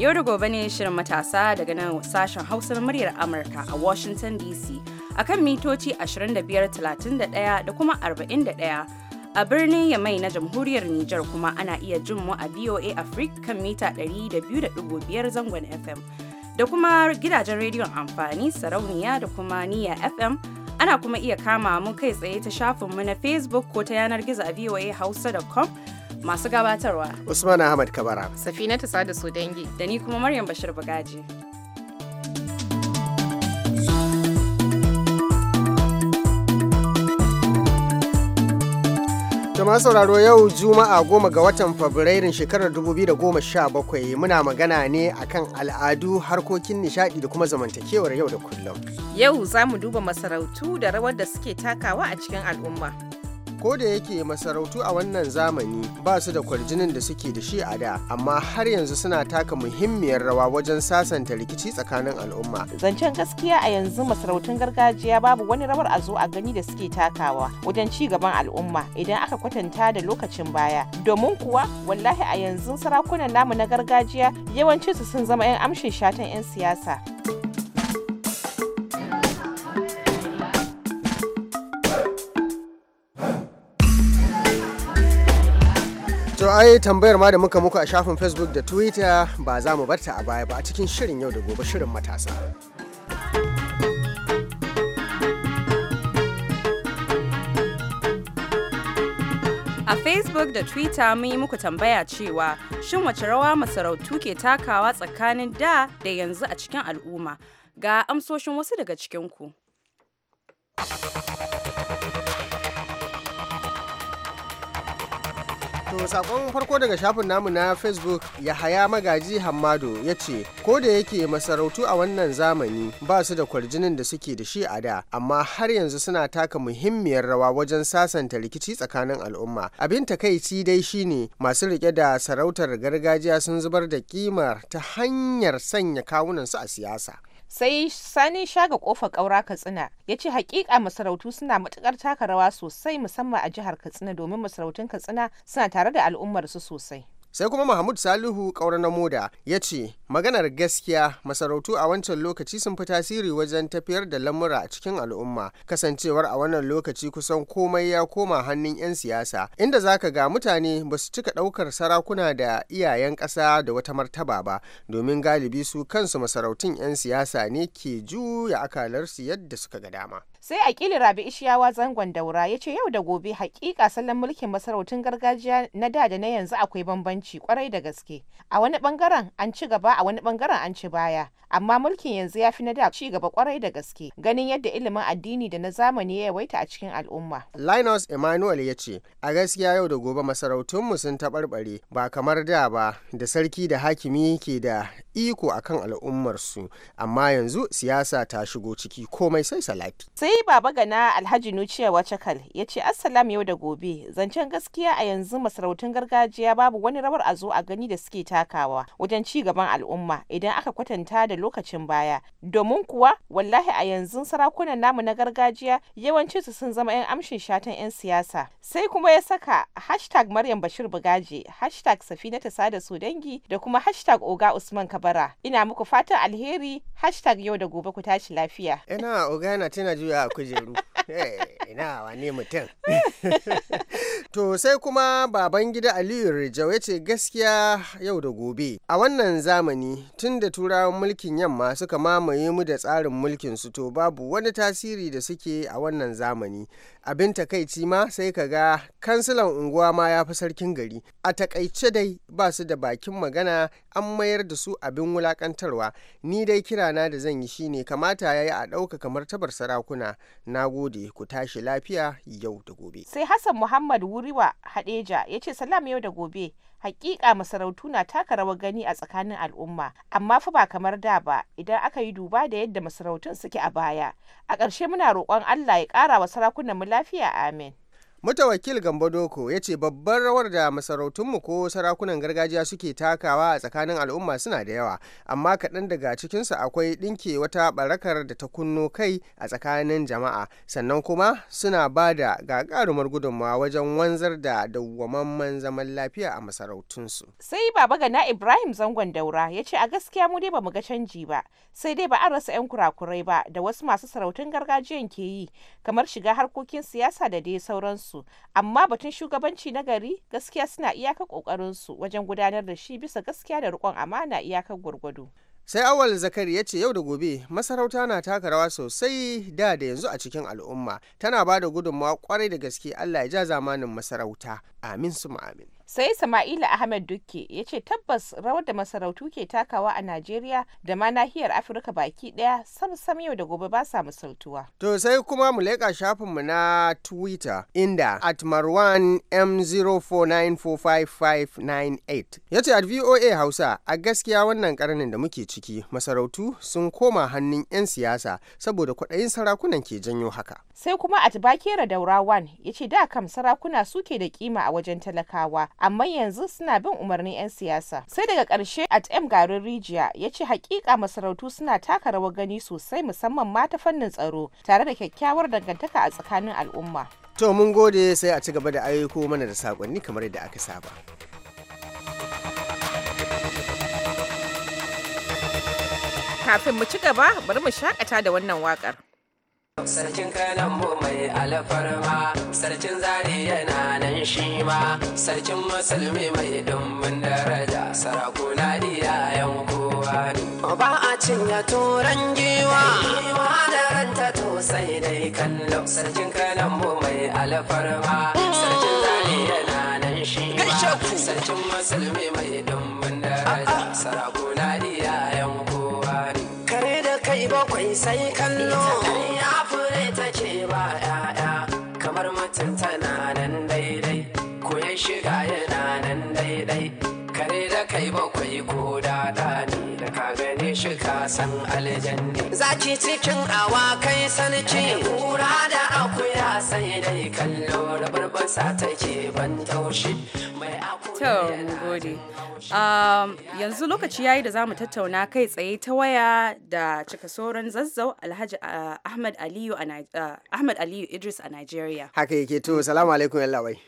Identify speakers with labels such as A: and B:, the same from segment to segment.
A: Yau da gobe ne shirin matasa daga nan sashen Hausa na muryar Amurka a Washington DC akan mitoci 25,31 da kuma 41. A birnin Yamai na Jamhuriyar Nijar kuma ana iya jin mu a VOA Africa kan mita 200.5 zangon FM. Da kuma gidajen rediyon amfani sarauniya da kuma niya FM ana kuma iya kama mu kai tsaye ta shafinmu na Facebook ko ta yanar gizo a voahausa.com masu gabatarwa
B: Usman Ahmad Kabara
A: Safina ta Sada dangi, da ni kuma Maryam Bashir Bagaji
B: Jama'a sauraro yau Juma'a goma ga watan Fabrairun shekarar 2017 muna magana ne akan al'adu harkokin nishadi da kuma zamantakewar yau da kullum.
C: Yau za mu duba masarautu da rawar da suke takawa a cikin al'umma.
B: ko da yake masarautu a wannan zamani ba su da kwarjinin da suke da shi a da amma har yanzu suna taka muhimmiyar rawa wajen sasanta rikici tsakanin al'umma zancen gaskiya a yanzu
C: masarautun gargajiya babu wani rawar a zo a gani da suke takawa wajen ci gaban al'umma idan aka kwatanta da lokacin baya domin kuwa wallahi a yanzu sarakunan namu na gargajiya yawancinsu sun zama 'yan amshin shatan 'yan siyasa
B: ai tambayar ma da muka muku a shafin Facebook da Twitter ba za mu barta a baya ba a cikin shirin yau da gobe shirin matasa.
A: A Facebook da Twitter mun yi muku tambaya cewa shin wace rawa masarautu ke takawa tsakanin da da yanzu a cikin al'umma? Ga amsoshin wasu daga cikinku.
B: To sakon farko daga shafin namu na Facebook Yahaya Magaji Hamadu ya ce, ko da yake masarautu a wannan zamani ba su da kwarjinin da suke da shi a da, amma har yanzu suna taka muhimmiyar rawa wajen sasanta rikici tsakanin al'umma. Abin takaici dai shine masu rike da sarautar gargajiya sun zubar da kimar ta hanyar sanya kawunansu a siyasa.
C: sai sani shaga kofa ƙaura katsina ya ce hakika masarautu suna matukar taka rawa sosai musamman a jihar katsina domin masarautun katsina suna tare da al'ummarsu sosai
B: sai kuma mahmud salihu kaura na moda ya ce maganar gaskiya masarautu a wancan lokaci sun fi tasiri wajen tafiyar da lamura a cikin al'umma kasancewar a wannan lokaci kusan komai ya koma hannun 'yan siyasa inda zaka ga mutane ba su cika ɗaukar sarakuna da iyayen ƙasa da wata martaba ba domin galibi su kansu masarautun 'yan siyasa ne ke juya akalarsu yadda suka ga dama
C: sai akili rabi ishiyawa zangon daura ya ce yau da gobe hakika salon mulkin masarautun gargajiya na da da na yanzu akwai bambanci kwarai da gaske a wani bangaren an ci gaba a wani bangaren an ci baya amma mulkin yanzu ya fi na da ci gaba kwarai da gaske ganin yadda ilimin addini da na zamani ya yawaita a cikin al'umma
B: linus emmanuel ya ce a gaskiya yau da gobe mu sun taɓarɓare ba kamar da ba da sarki da hakimi ke da iko akan al'ummarsu amma yanzu siyasa ta shigo ciki komai sai salati
C: sai baba gana alhaji nuciya wacakal ya ce assalam yau da gobe zancen gaskiya a yanzu masarautun gargajiya babu wani rawar a zo a gani da suke takawa wajen ci gaban al'umma idan aka kwatanta da lokacin baya domin kuwa wallahi a yanzu sarakunan namu na gargajiya su sun zama 'yan amshin shatan 'yan siyasa sai kuma ya saka hashtag maryam bashir bugaje hashtag safinata sada su dangi da kuma hashtag oga usman kabara ina muku fatan alheri hashtag yau da gobe ku tashi lafiya
B: ina oga na tana juya a kujeru ina mutum to sai kuma baban gida aliyu rijau ya ce gaskiya yau da gobe a wannan zamani tun da turawan mulkin yamma suka mamaye mu da tsarin mulkin su to babu wani tasiri da suke a wannan zamani abin takaici ma sai ka ga kansilan unguwa ma ya fi sarkin gari a takaice dai ba su da bakin magana an mayar da su abin wulakantarwa ni dai kirana da zan yi shine kamata ya yi a ɗaukaka martabar sarakuna na gode ku tashi lafiya yau da gobe
C: sai hassan muhammad wuriwa hadeja ya ce salam yau da gobe hakika masarautu na taka rawar gani a tsakanin al'umma amma fa ba kamar da ba idan aka yi duba da yadda masarautun suke a baya a ƙarshe muna roƙon allah ya ƙara wa sarakunan mu lafiya amin
B: Mutawakil Gambo Doko ya ce babbar rawar da masarautunmu ko sarakunan gargajiya suke takawa a tsakanin al'umma suna da yawa, amma kaɗan daga cikinsu akwai ɗinke wata barakar da ta kunno kai a tsakanin jama'a, sannan kuma suna ba da gagarumar gudunmawa wajen wanzar da dawwamamman zaman lafiya a masarautunsu.
C: Sai Baba Gana Ibrahim Zangon Daura ya ce a gaskiya mu dai bamu ga canji ba, sai dai ba a rasa 'yan kurakurai ba da wasu masu sarautun gargajiyan ke yi, kamar shiga harkokin siyasa da dai sauransu. su amma batun shugabanci na gari gaskiya suna iyakar kokarin su wajen gudanar da shi bisa gaskiya da rikon amana iyakar gwargwado
B: sai awal zakari ya ce yau da gobe masarauta na taka rawa sosai da da yanzu a cikin al'umma tana ba da gudunmawa kwarai da gaske allah ya ja zamanin masarauta amin su amin
C: sai Sama'ila Ahmed Dukke ya ce tabbas rawar da masarautu ke takawa a Najeriya da ma nahiyar Afirka baki daya sam sam yau da gobe ba sa misaltuwa.
B: To sai kuma mu leƙa mu na Twitter inda at Marwan m 04945598 ya ce at VOA Hausa a gaskiya wannan karnin da muke ciki masarautu sun koma hannun 'yan siyasa saboda kwaɗayin sarakunan ke janyo haka.
C: sai kuma atbakera daurawan ya ce da kam sarakuna suke da kima a wajen talakawa amma yanzu suna bin umarnin 'yan siyasa sai daga karshe at m garin rijiya ya ce hakika masarautu suna taka rawar gani sosai musamman ma ta fannin tsaro tare da kyakkyawar dangantaka a tsakanin al'umma
B: to mun gode sai a ci gaba da ayyuko mana da sakonni kamar yadda aka saba
C: kafin mu ci gaba bari mu shakata da wannan wakar.
A: Sarkin kalambo mai alfarma, sarkin zari yana nan shi ma, sarkin musulmi mai dumbin daraja, sarakuna yan kowa ne. Ba a cinya turan giwa, da ranta to sai dai kallo. Sarkin kalambo mai alfarma, sarkin zari yana nan shi ma, sarkin musulmi mai dumbin daraja, sarakuna yan kowa ne. Kare da kai bakwai sai kallo. shiga yana nan daidai kare da kai bakwai ko daɗa ne da ka gane shi ka san aljanni zaki
B: cikin awa
A: kai sanci kura da akuya sai dai kallo rabarbasa take ban taushi mai akuya na gode. Um, yanzu lokaci yayi da zamu tattauna kai tsaye ta waya da cikasoran zazzau Alhaji uh, Ahmad Aliyu uh, Ahmad Aliyu Idris a Nigeria.
B: Haka yake to salamu alaikum yalla bai.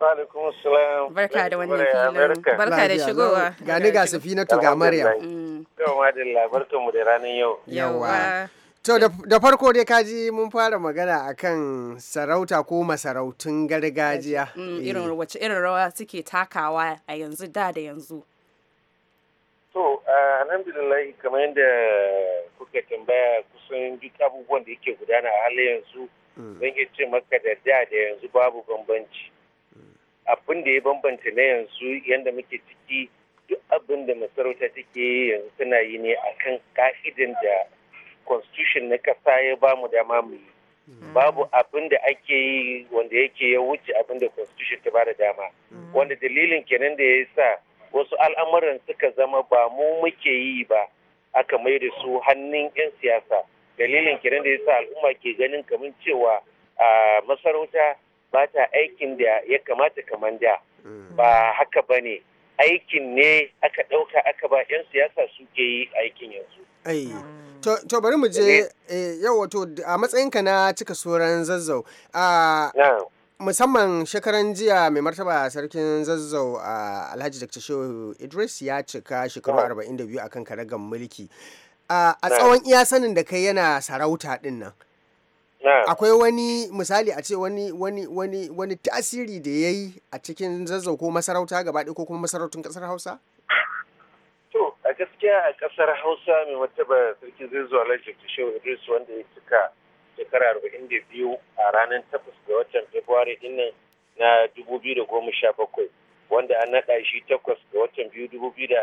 D: Alaikum salam. Barka da wannan filin.
A: Barka da shigowa.
B: Gani ga Safinatu ga Maryam. Yau
D: mm. madalla mu da ranar yau. Yawwa.
B: To da farko dai kaji mun fara magana akan sarauta ko masarautun gargajiya. Mm, eh. Irin
A: wace irin rawa suke takawa a yanzu da da yanzu.
D: To eh, alhamdulillah kamar yadda kuka tambaya kusan duk abubuwan da yake gudana a halin yanzu mm. zan iya ce maka da da da yanzu babu bambanci. Mm. Abin da ya bambanta na yanzu yadda muke ciki duk abin da masarauta take yanzu tana yi ne akan ka'idan da constitution na kasa ya ba mu dama mu yi mm. babu abin da ake yi wanda yake ya wuce abin da constitution ta ba da dama mm. wanda dalilin kenan da ya sa wasu al'amuran suka zama ba mu muke yi ba aka mai da su hannun 'yan siyasa
B: dalilin kenan da ya sa
D: al'umma ke ganin kamar cewa a masarauta ba ta aikin da ya kamata kamar da
B: mm. ba
D: haka ba ne aikin ne aka ɗauka aka ba 'yan siyasa suke yi aikin yanzu.
B: Mm. To, to bari mu je eh, yau wato a matsayinka na cika soran zazzau. Musamman shekaran jiya mai martaba sarkin zazzau a Alhaji Dr. Shehu Idris ya cika shekaru 42 kan karagan mulki. A tsawon iya sanin da kai yana sarauta ɗin akwai wani misali a ce wani wani wani wani tasiri da ya yi a cikin zazzau ko masarauta gaba ɗaya ko kuma masarautun ƙasar hausa
D: to a gaskiya a ƙasar hausa mai martaba sarki zai zuwa lajin shehu idris wanda ya cika shekara arba'in da biyu a ranar takwas ga watan february dinnan na dubu biyu da goma sha bakwai wanda an naɗa shi takwas ga watan biyu dubu biyu da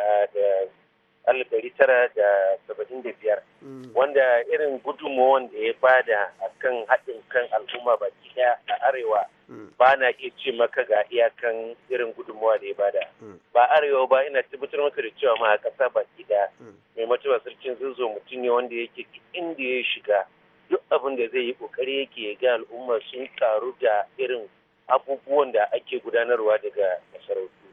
D: 1975 tara da saba'in da biyar mm. wanda irin gudunmuwan da ya bada a kan haɗin kan al'umma baki ɗaya a arewa mm. ba na iya ce maka ga iyakan irin gudunmuwa da ya bada mm. ba arewa ba ina tabbatar maka da cewa ma a ƙasa baki ɗaya mai matuwa sarkin zuzo mutum ne wanda yake inda ya shiga duk abin da zai yi ƙoƙari yake ya ga al'umma sun karu da irin abubuwan da ake gudanarwa daga masarautu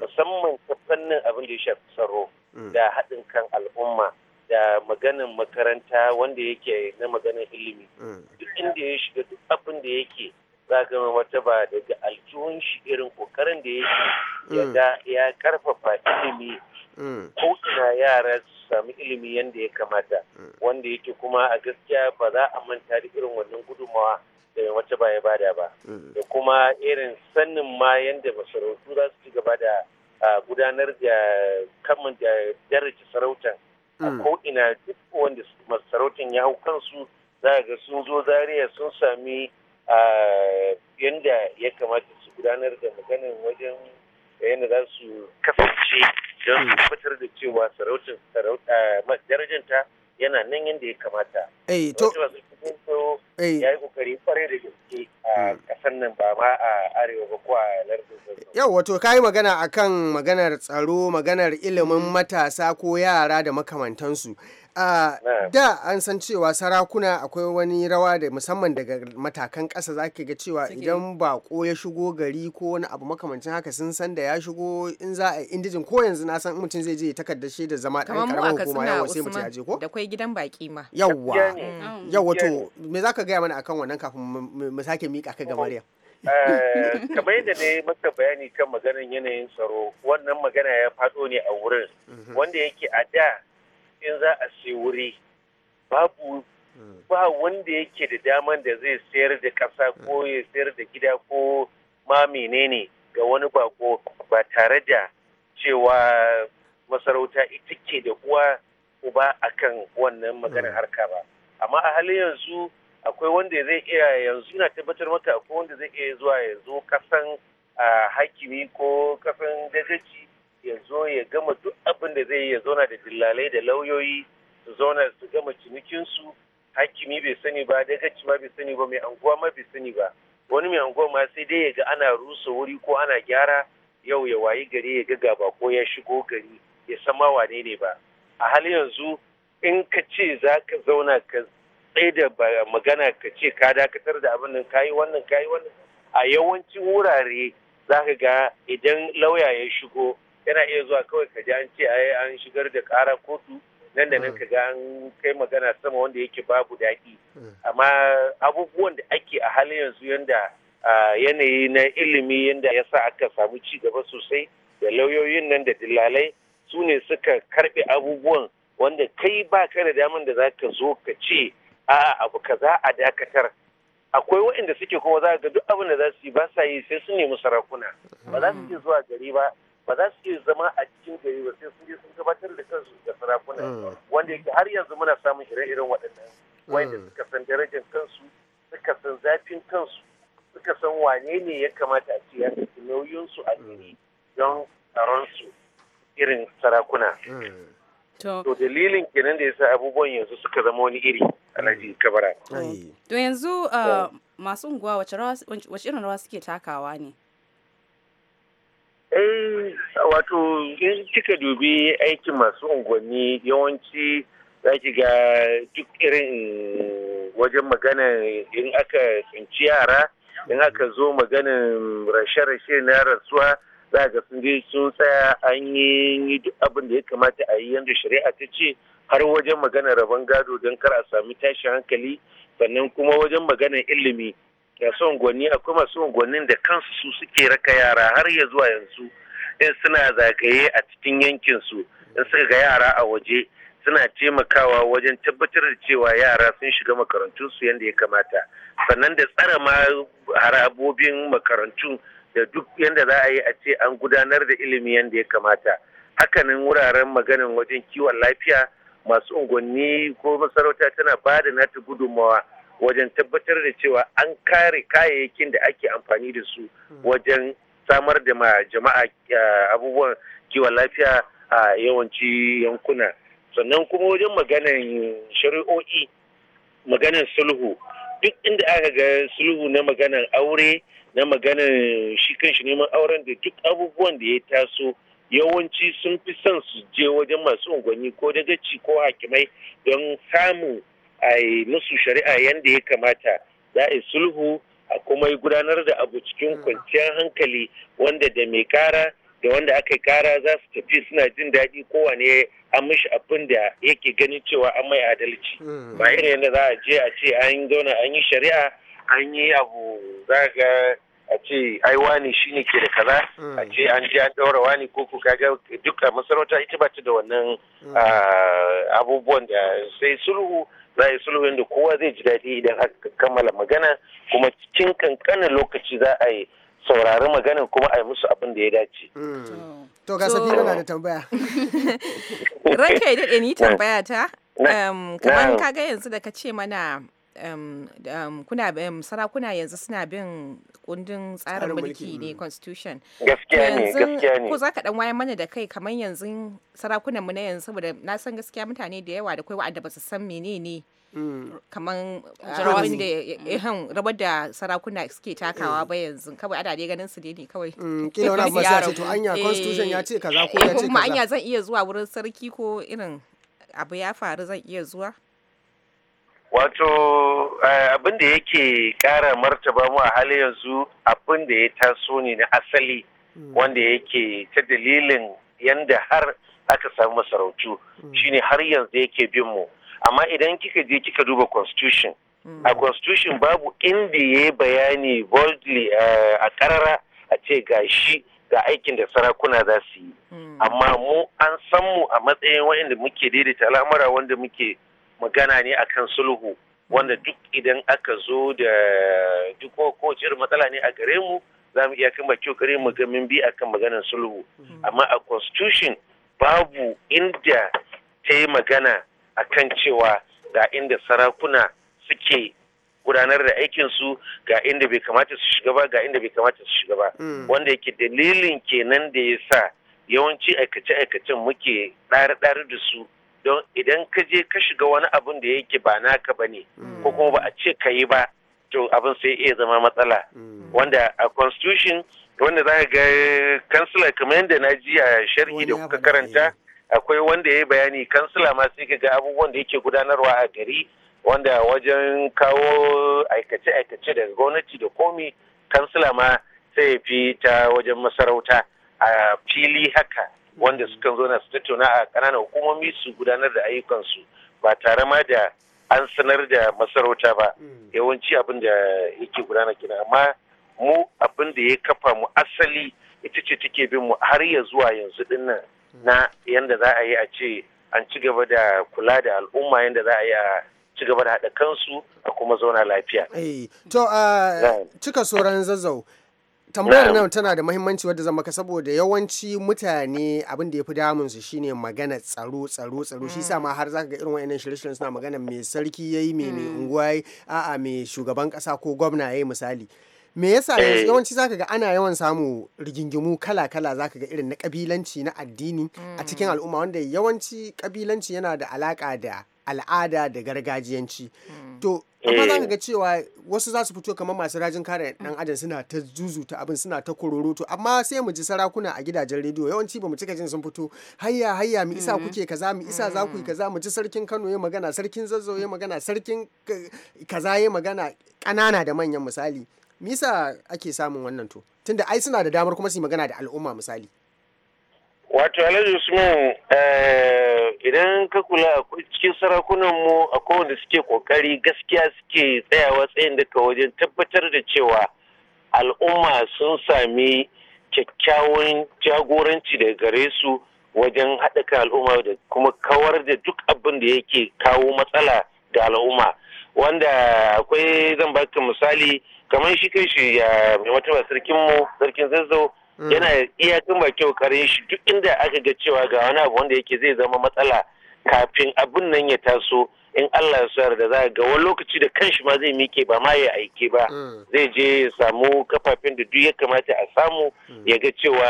D: musamman ta fannin abin da ya shafi tsaro Mm. da haɗin kan al'umma da maganin makaranta wanda yake na maganin ilimi mm. duk inda ya shiga duk abin da yake za wata ba daga aljihun shi irin kokarin da yake mm. ya ya karfafa ilimi ko ina yara su sami ilimi yadda ya kamata wanda yake kuma a gaskiya ba za a manta da irin wannan gudunmawa da wata ba ya bada ba da kuma irin sannin ma yadda masarautu za su ci gaba da gudanar da kamun da daraja sarautan a mm. ko'ina duk wanda masu sarautan ya hau kansu za ga sun zo zariya sun sami yadda ya kamata su gudanar da maganin wajen yadda za su kasance don su mm. fitar da cewa sarautar darajanta yana nan yadda ya kamata. Eh, Sokoto eh. ya yi kokari kwarai da gaske a hmm. kasar nan ba ma a arewa ba ko a lardin
B: Yau wato kayi magana akan maganar tsaro, maganar ilimin matasa ko yara da makamantansu. da an san cewa sarakuna akwai wani rawa da musamman daga matakan ƙasa za ga cewa idan bako ya shigo gari ko wani abu makamancin haka sun san da ya shigo in za a indijin ko yanzu na san mutum zai je takardar shi da zama ɗan karamar hukuma yawa sai mutum ya je ko
C: da kwai gidan baki ma yawwa mm. yawwa to
B: me za ka gaya mana akan wannan kafin mu sake miƙa ka ga Maryam
C: eh,
D: kamar yadda ne maka bayani kan maganin yanayin tsaro wannan magana ya faɗo ne a wurin mhm. wanda yake a da in za a sai wuri babu ba wanda yake da daman da zai sayar da ƙasa ko ya sayar da gida ko ma menene ga wani bako ba tare da cewa masarauta ita ke da uwa uba a kan wannan maganin hmm. harka ba amma a halin yanzu akwai wanda zai iya yanzu na tabbatar maka akwai wanda zai iya zuwa yanzu kasan hakimi ko kasan dagaci ya zo ya gama duk abin da zai yi ya zauna da dillalai da lauyoyi su zauna su gama cinikinsu hakimi bai sani ba dagaci ma bai sani ba mai anguwa ma bai sani ba wani mai anguwa ma sai dai ya ga ana rusa wuri ko ana gyara yau ya wayi gari ya ga gaba ko ya shigo gari ya san ma wane ne ba a halin yanzu in ka ce za ka zauna ka tsaye da magana ka ce ka dakatar da abin nan kayi wannan kayi wannan a yawancin wurare za ka ga idan lauya ya shigo Yana iya zuwa kawai ka ji an ce ai an shigar da ƙara kotu nan da nan hmm. ka ga an kai magana sama wanda yake babu daɗi hmm. amma abubuwan da ake a halin yanzu yanda yanayi na ilimi yanda ya sa aka samu ci gaba sosai da lauyoyin nan da dillalai su ne suka karɓe abubuwan wanda kai ba ka da daman da za ka zo ka ce a abu ka za a dakatar akwai waɗanda suke kuma za ga duk abin da za su yi ba sa yi sai su nemi sarakuna ba za su je hmm. zuwa gari ba ba za su iya zama a cikin gari ba sai sun je sun gabatar da kansu ga sarakuna mm. wanda yake har yanzu muna samun ire-iren waɗannan mm. wanda suka san darajar kansu suka san zafin kansu suka san wane ne ya kamata a ce ya ɗauki nauyinsu a gari mm. don tsaronsu irin sarakuna. To dalilin kenan da yasa abubuwan yanzu suka zama wani iri alhaji kabara.
A: To yanzu uh, masu unguwa wace irin rawa suke takawa ne?
D: eh wato in kika dubi aikin masu unguwanni yawanci za ki ga duk irin wajen magana in aka tsinci yara in aka zo maganin rashe-rashe na rasuwa za ga sun je sun tsaya an yi abin da ya kamata a yi yanzu, shari'a ta ce har wajen maganar rabon gado don kar a sami tashin hankali sannan kuma wajen maganar ilimi masu unguwanni akwai masu unguwannin da kansu su suke raka yara har ya zuwa yanzu in suna zagaye a cikin yankinsu in suka ga yara a waje suna taimakawa wajen tabbatar da cewa yara sun shiga makarantunsu yadda ya kamata sannan da tsara ma harabobin makarantu da duk yadda za a yi a ce an gudanar da ilimi yadda ya kamata hakanan wuraren maganin wajen kiwon lafiya masu unguwanni ko masarauta tana ba da nata gudummawa. wajen tabbatar da cewa an kare kayayyakin da ake amfani da su hmm. wajen samar da ma jama'a eh, abubuwan kiwon lafiya a yawanci yankuna sannan kuma wajen maganan shari'o'i maganan sulhu duk inda aka ga sulhu na maganan aure na maganan shi kanshi neman auren da duk abubuwan da ya taso yawanci sun fi son su je wajen masu unguwanni ko dagaci ko hakimai don samun a yi musu shari'a yadda ya kamata za a yi sulhu a kuma yi gudanar da abu cikin kwanciyar hankali wanda da mai kara da wanda aka kara za su tafi suna jin daɗi kowane an mishi abin da yake ganin cewa an mai adalci hmm. ba irin yadda za a je a ce an zauna an yi shari'a an yi abu za ga a ce ai wani ne ke da kaza hmm. a ce an ji an daura wani ko ku kaga duka masarauta ita ba ta da wannan hmm. ah, abubuwan da sai sulhu za a yi kowa zai ji daɗi idan aka kammala magana kuma cikin kankanin lokaci za a yi saurari maganin kuma a yi musu abin da ya dace.
B: Hmm. To ga safi yana da tambaya.
C: Ranka ya daɗe ni tambaya ta? Kamar ka ga yanzu da ka ce mana um, um, kuna um, sarakuna yanzu suna bin kundin tsarin mulki ne constitution gaskiya ne gaskiya ne ko zaka dan wayar mana da kai kamar yanzu sarakunan mu na yanzu saboda na san gaskiya mutane da yawa da kai wa'anda ba su san menene mm. kamar rawar da mm. ehan rabar da sarakuna suke takawa ba yanzu kawai ada dai ganin su ne ne kawai
B: mm, kila wani abu ce to anya eh. constitution ya ce kaza ko ya eh, ce kaza kuma anya
C: zan iya zuwa wurin sarki ko irin abu ya faru zan iya zuwa
D: wato eh, abin da yake ƙara martaba mu a halin yanzu abin da ya taso ne na asali hmm. wanda yake ta dalilin yanda har aka samu masarautu hmm. shine har yanzu yake bin mu amma idan kika je kika duba constitution hmm. a constitution babu inda ya bayani boldly eh, a karara a ce ga shi ga aikin da sarakuna za su yi amma mu an san mu a matsayin waɗanda muke daidaita al'amura wanda muke magana ne akan sulhu wanda duk idan aka zo da duk ko irin matsala ne a gare mu za mu iya kan baki kokari mu ga mun bi akan maganar sulhu mm-hmm. amma a constitution babu inda ta yi magana a kan cewa ga inda sarakuna suke gudanar da aikinsu ga inda bai kamata su shiga ba ga inda bai kamata su shiga ba mm. wanda yake dalilin kenan da ya sa yawanci aikace-aikacen muke ɗari-ɗari da su don idan ka je ka shiga wani abun da yake ba naka ba ne ko kuma ba a ce ka yi ba to abin sai iya zama matsala mm. wanda a constitution wanda za ga kansila kamar yadda na ji a sharhi da kuka karanta eh. akwai wanda ya yi bayani kansila ma sai ka ga abubuwan da yake gudanarwa a gari wanda wajen kawo aikace-aikace daga gwamnati da komi kansila ma sai ya fi ta wajen masarauta a fili haka wanda sukan zo na su tattauna a ƙananan hukumomi su gudanar da ayyukansu ba tare ma da an sanar da masarauta ba hmm. yawanci abin da yake gudana kenan amma mu abin da ya kafa mu asali ita ce take bin mu har ya zuwa yanzu dinnan hmm. na yanda za a yi a ce an ci gaba da kula da al'umma yanda za a yi a ci gaba da haɗa kansu a kuma zauna lafiya.
B: Eh, to ah, cika sauran zazzau tambayar nan tana da mahimmanci wadda zan maka saboda yawanci mutane abin da ya fi damun su shine magana tsaro tsaro tsaro shi sa ma mm. har zaka ga irin wayannan shirye-shiryen suna magana mai sarki yayi mai mai unguwa a'a mai shugaban kasa ko gwamna yayi misali me yasa eh. yawanci zaka ga ana yawan samu rigingimu kala-kala zaka ga irin na kabilanci na addini a cikin mm. al'umma wanda yawanci kabilanci yana da alaka da al'ada da gargajiyanci hmm. to amma za ka ga eh. cewa wasu za su fito kamar masu rajin kare Ɗan adam suna ta zuzuta abin suna ta kororoto amma sai mu ji sarakuna a gidajen rediyo yawanci ba mu cika jin sun fito hayya hayya mu isa hmm. kuke kaza mu isa za ku yi hmm. kaza mu ji sarkin Kano ya magana sarkin Zazzau ya magana sarkin kaza ya magana ƙanana da manyan misali misa ake samun wannan to tunda ai suna da damar kuma su yi magana da al'umma misali
D: wato alhaji usman eh, idan ka kula cikin sarakunanmu mu a kowanne suke kokari gaskiya suke tsayawa tsayin daga wajen tabbatar da cewa al'umma sun sami kyakkyawan jagoranci daga gare su wajen haɗaka al'umma da kuma kawar da duk abin da yake kawo matsala da al'umma wanda akwai zan baka misali kamar shi kai shi ya mai sarkin mu sarkin zazzau yana iya iyakan kyau karin shi duk inda aka ga cewa ga wani abu wanda yake zai zama matsala kafin abun nan ya taso in Allah ya sa da za ga wani lokaci da kanshi ma zai mike ba ma ya aike ba mm. zai je ya samu kafafen da duk ya kamata a samu mm. ya ga cewa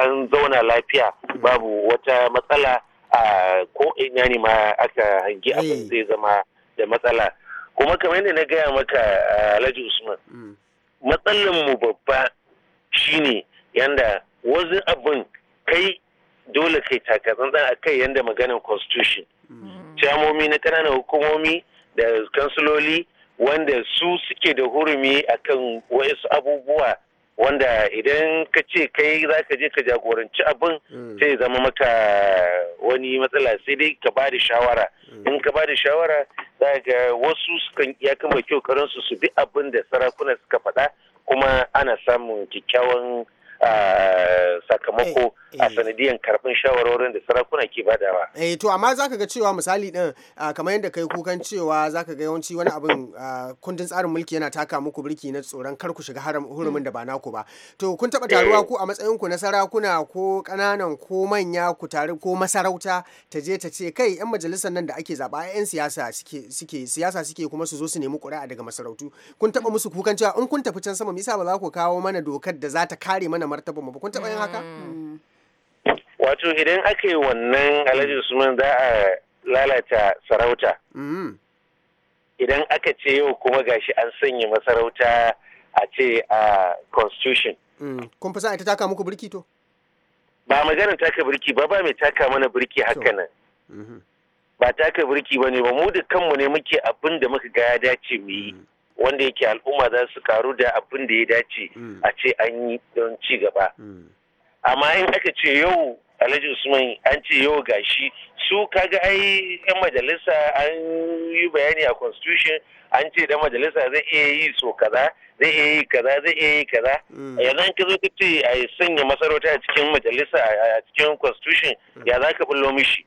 D: an zauna lafiya mm. babu wata matsala a ko ina ne ma aka hangi abin zai zama da matsala kuma kamar yadda na gaya maka Alhaji Usman matsalar mu babba shine yanda wasu abin kai dole kai takatsantsan a kai yanda maganin constitution jamomi mm. na ƙananan hukumomi da kansuloli wanda su suke da hurumi akan wasu abubuwa wanda idan ka ce kai za ka je ka jagoranci abin mm. sai zama maka wani matsala sai dai ka ba da shawara mm. in ka ba da shawara za ga wasu sukan ya kama kyau su bi abin da sarakuna suka faɗa kuma ana samun kyakkyawan sakamako eh, a eh. sanadiyan karbin shawarorin da sarakuna ke badawa.
B: Eh to amma zaka ga cewa misali din kamar yadda kai kukan cewa zaka ga yawanci wani abin kundin tsarin mulki yana taka muku birki na tsoron kar ku shiga haram hurumin da ba naku ba. To kun taba taruwa eh. ku a matsayin ku na sarakuna ko ƙananan ko manya ku tare ko masarauta ta je ta ce kai yan majalisar nan da ake zaba yan siyasa suke suke siyasa suke kuma su zo su nemi ƙuri'a daga masarautu. Kun taɓa musu kukan cewa in kun tafi can sama me ba za ku kawo mana dokar da za ta kare mana mana martaba ba kun taɓa yin haka mm. Mm.
D: wato idan aka yi wannan alhaji usman za a lalata sarauta mm. idan aka ce yau kuma gashi an sanya masarauta a ce a constitution
B: kun fi ita taka muku birki to
D: ba magana taka birki ba ba mai taka mana birki haka nan mm-hmm. ba taka birki ba ne ba mu da kanmu ne muke abin da muka ga ya dace mu yi wanda yake al'umma za su karu da abin da ya dace hmm. a ce an yi don ci gaba hmm. amma in aka ce yau alhaji usman an ce yau gashi su kaga ai yan majalisa an yi bayani a constitution an ce dan majalisa zai iya yi so kaza zai iya yi kaza zai iya yi kaza hmm. yanzu an kazo ka ce a sanya masarauta a cikin majalisa a cikin constitution ya za ka bullo mishi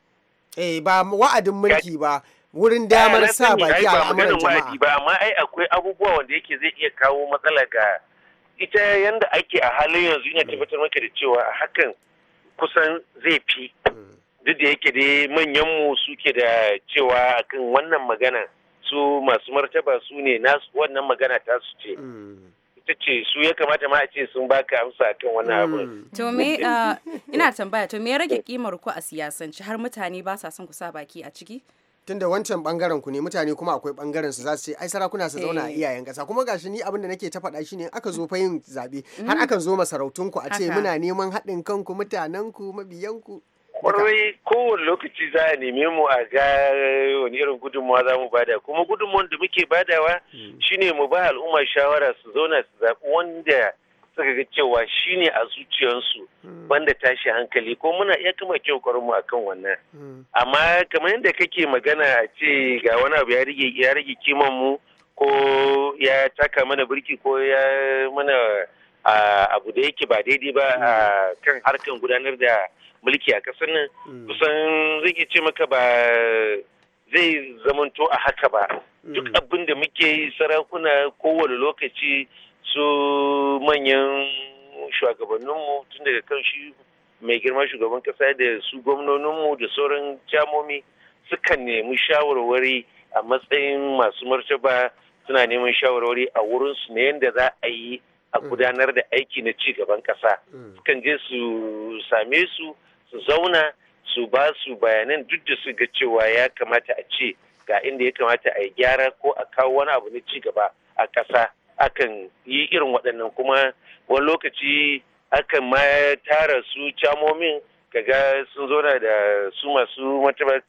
B: eh ba wa'adin mulki ba wurin damar sa baki a al'amuran jama'a
D: ba amma ai akwai abubuwa wanda yake zai iya kawo matsala ga ita yanda ake a halin yanzu ina mm. tabbatar maka da cewa hakan kusan zai fi mm. duk da yake dai mu suke da cewa akan wannan magana su masu martaba su ne nasu wannan magana ta su ce mm. ita ce su ya kamata ma a ce sun baka amsa
B: kan wani abu. To uh,
A: ina tambaya to me ya rage kimar ku a siyasance har mutane ba sa son ku sa baki a ciki?
B: tunda wancan bangaren ku ne mutane kuma akwai bangaren su za su ce ai sarakuna su zauna a eh. iyayen kasa kuma gashi ni abin da nake ta faɗa shine aka zo fa yin zabe mm. har akan zo masarautun ku a ce muna neman haɗin kanku mutanen ku mabiyan ku kwarai
D: kowane lokaci za a neme mu a ga wani irin gudunmawa za mu bada kuma gudunmuwan da muke badawa mm. shine mu ba al'umma shawara su zauna su zaɓi wanda suka ga cewa shine a zuciyarsu hmm. banda tashi hankali ko muna iya kama kyau mu akan wannan hmm. amma kamar yadda kake magana a ce ga wani abu ya rage ya rage kiman mu ko ya taka mana birki ko ya mana abu da yake ba daidai ba a kan harkan gudanar da mulki a kasar nan hmm. kusan zai ce maka ba zai zamanto a haka ba duk abin da muke yi sarakuna kowane lokaci su manyan shugabanninmu tun daga kan shi mai girma shugaban kasa da su gwamnoninmu da sauran jamomi sukan nemi shawarwari a matsayin masu martaba suna neman shawarwari a wurinsu na yadda za a yi a mm. gudanar da aiki na ci gaban kasa mm. sukan je su same su su zauna su ba su bayanan duk da su ga cewa ya kamata a ce ga inda ya kamata a yi gyara ko a kawo wani abu na ci gaba a ƙasa akan yi irin waɗannan kuma wani lokaci akan ma tara su camomin kaga sun zauna da su masu mataba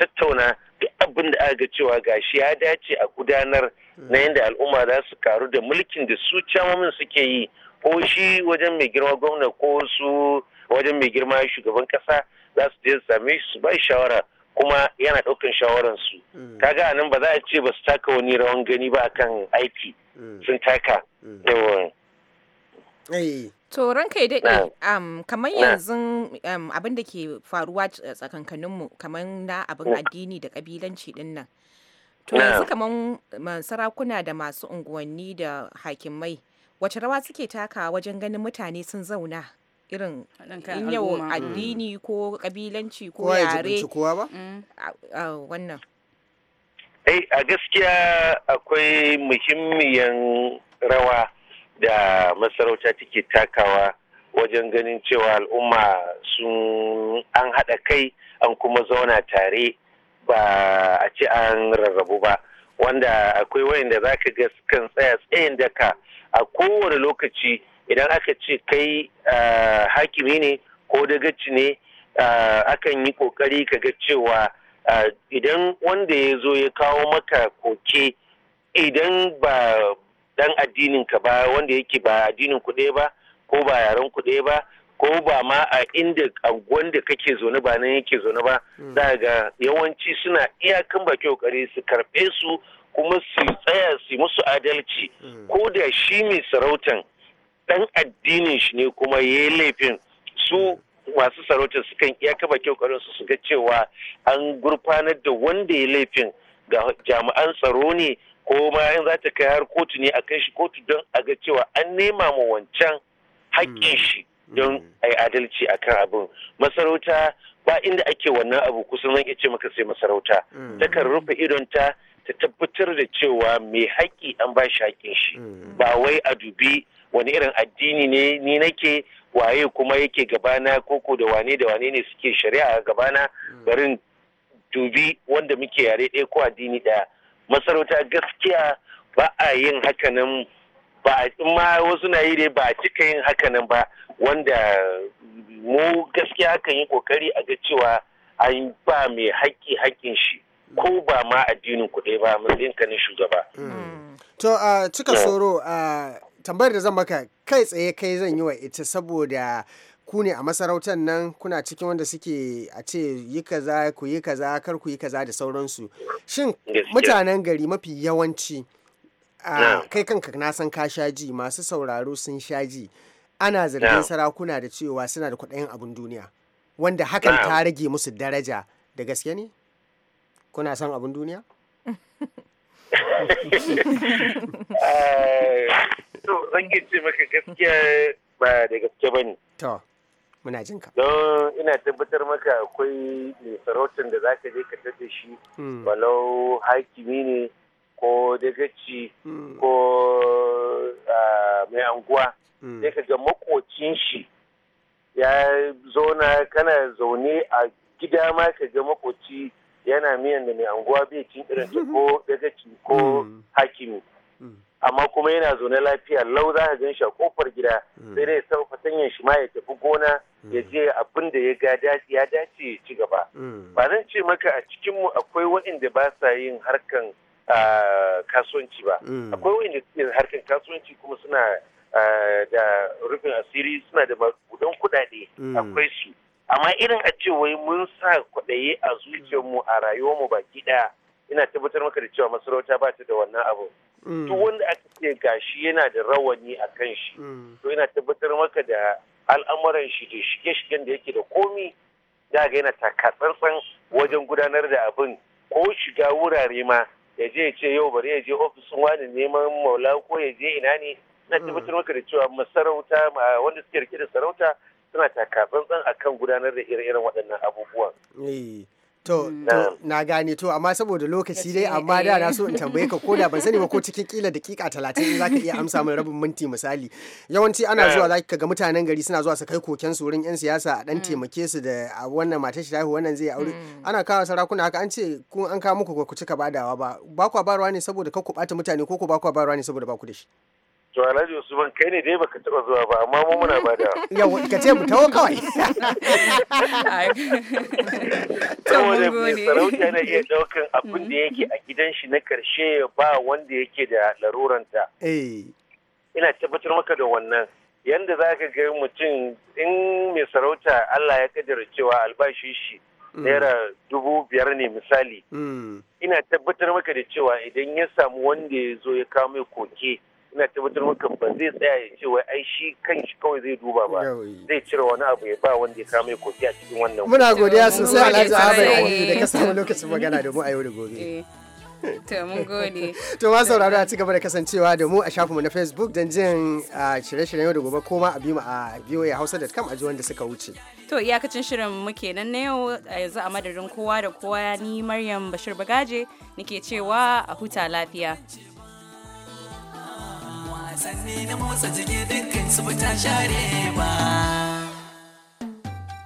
D: tattauna duk abin da aka cewa gashi ya dace a gudanar na yadda al'umma za su karu da mulkin da su camomin suke yi ko shi wajen mai girma gwamna ko su wajen mai girma shugaban kasa za su je same shi su ba shawara kuma yana ɗaukan shawararsu mm. kaga anan ba za a ce ba su taka wani rawan gani ba akan aiki Mm. sun taka da mm. eh.
C: to ranka kai daɗe kamar yanzu abin da ke faruwa eh, tsakankaninmu kamar na abin addini da ƙabilanci ɗin nan to yanzu kamar sarakuna da masu unguwanni da hakimai wace rawa suke taka wajen ganin mutane sun zauna irin yau addini ko kabilanci ko yare mm. wannan Hey, eh, a gaskiya
D: akwai muhimmiyan rawa da masarauta take takawa wajen ganin cewa al'umma sun an haɗa kai an kuma zauna tare ba a ce an rarrabu ba wanda akwai wayanda za ka ga kan tsaya tsayin daka a kowane lokaci idan aka ce kai hakimi ne ko dagaci ne akan yi ƙoƙari ka ga cewa idan wanda ya zo ya kawo maka koke idan ba dan addinin ka ba wanda yake ba addinin ku ba ko ba yaren ku ba ko ba ma a inda anguwan da kake zaune ba nan yake zaune ba hmm. za ga yawanci suna iyakan baki kokari su karɓe su kuma su tsaya su musu adalci hmm. ko da shi mai sarautan dan addinin shi ne kuma ya yi laifin su hmm. masu sarauta sukan iya kaba kokarin su ga cewa an gurfanar da wanda ya laifin ga jami'an tsaro ne ko ma za ta kai har kotu ne a kai shi kotu don a ga cewa an nema ma wancan haƙƙin shi hmm. don hmm. a yi adalci a kan abin masarauta ba inda ake wannan abu kusan zan iya ce maka sai masarauta hmm. takan rufe idonta ta tabbatar da cewa mai haƙƙi an ba shi haƙƙin shi ba wai a dubi wani irin addini ne ni nake waye kuma yake gabana koko da wane da wane ne suke shari'a gabana hmm. barin dubi wanda muke yare ɗaya ko addini ɗaya masarauta gaskiya ba a yin hakanan ba a ma wasu na yi dai ba a cika yin hakanan ba wanda mu gaskiya kan yi kokari a ga cewa an ba mai haƙƙi haƙƙin shi hmm. ko ba ma addinin kuɗai ba matsayin ka shugaba.
B: Hmm. To a cika soro tambayar da zan maka kai tsaye kai zan yi wa ita saboda ku ne a masarautar nan kuna cikin wanda suke a ce yi kaza ku yi kaza kar ku yi kaza da sauransu shin mutanen gari mafi yawanci kai kanka na san ka shaji masu sauraro sun sha shaji ana zargin sarakuna da cewa suna da kuɗayen abin duniya wanda hakan ta rage musu daraja da gaske ne kuna son abin duniya
D: eh, to maka gaskiya ba da gaske ba ne. muna jin ka. Don ina tabbatar maka akwai mai sarautar da za ka je ka tada shi, hmm. walau hakimi ne ko dagaci hmm. ko mai anguwa. Hmm. Sai ka ga makocin shi ya zauna kana zaune a gida ma ka ga makoci yana miyan da mai anguwa bai cin irin ko dagaci ko hakimi. amma kuma yana zaune lafiya lau za ka gan a kofar gida hmm. sai dai sau fatanyan shi ma ya tafi gona hmm. ya je abin da ya ga dace ya dace ya ci gaba hmm. ba zan ce maka a cikin mu akwai waɗanda ba sa yin harkan kasuwanci ba akwai waɗanda suke harkan kasuwanci kuma suna da rufin asiri suna da mabudan kuɗaɗe akwai su amma irin a ce wai mun sa kwaɗaye a zuciyarmu a rayuwarmu baki ɗaya ina tabbatar maka da cewa masarauta ba ta da wannan abu
A: Mm. duk wanda
D: aka ce gashi yana da rawani a kan shi mm. to yana tabbatar maka da al'amuran shi da shige-shigen da yake da komi da ga yana takatsantsan wajen gudanar da abin ko shiga wurare ma ya je ya ce yau bari ya je ofisin wani neman maula ko ya je ina ne na mm. tabbatar maka da cewa masarauta wanda suke rike da sarauta suna takatsantsan akan gudanar da ire-iren waɗannan abubuwan.
B: Eh. To, mm. na gane to amma saboda lokaci dai amma da eh. na so in tambaye ka koda ban sani ba ko cikin kila dakika talatin za ka iya amsa min rabin minti misali yawanci ana zuwa za ka ga mutanen gari suna zuwa su kai koken su wurin yan siyasa a dan mm. taimake su da wannan matar shi tahi wannan zai aure mm. ana kawo sarakuna haka an ce kun an kawo muku ku cika badawa ba ba ku barwa ne saboda ka ku bata mutane ko ku ba ku barwa ne saboda ba ku da shi.
D: to alhaji ban kai ne dai baka taba zuwa ba amma mu muna bada
B: yawa ka ce mu tawo kawai
D: saboda sarauta ne iya daukan abin da yake a gidan shi na karshe ba wanda yake da laruranta eh. ina tabbatar maka da wannan yanda za ka ga mutum in mai sarauta Allah ya kaddara cewa albashin shi mm. naira dubu biyar ne misali mm. ina tabbatar maka da cewa idan ya samu wanda ya zo ya kawo mai koke ina tabbatar maka ba zai tsaya ya ce wai ai shi kan shi kawai zai
B: duba ba zai cire
D: wani abu ya ba wanda ya ya kofi a cikin wannan muna godiya sosai alhaji
B: abai da ka samu lokacin magana da mu a yau da gobe eh. to mun gode to ma sauraro a cigaba da kasancewa da mu a shafinmu na facebook don jin shirye-shiryen yau da gobe ma a biyu a voa hausa.com a ji wanda suka wuce
A: to iyakacin shirin muke nan na yau a yanzu a madadin kowa da kowa ni maryam bashir bagaje nake cewa a huta lafiya wasanni na su share ba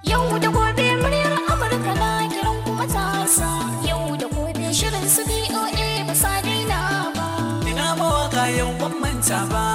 A: yau da gobe muryar amurka na kiran kuma sa. yau da gobe shirin su boa ba sa daina ba ina mawaka yau ban manta ba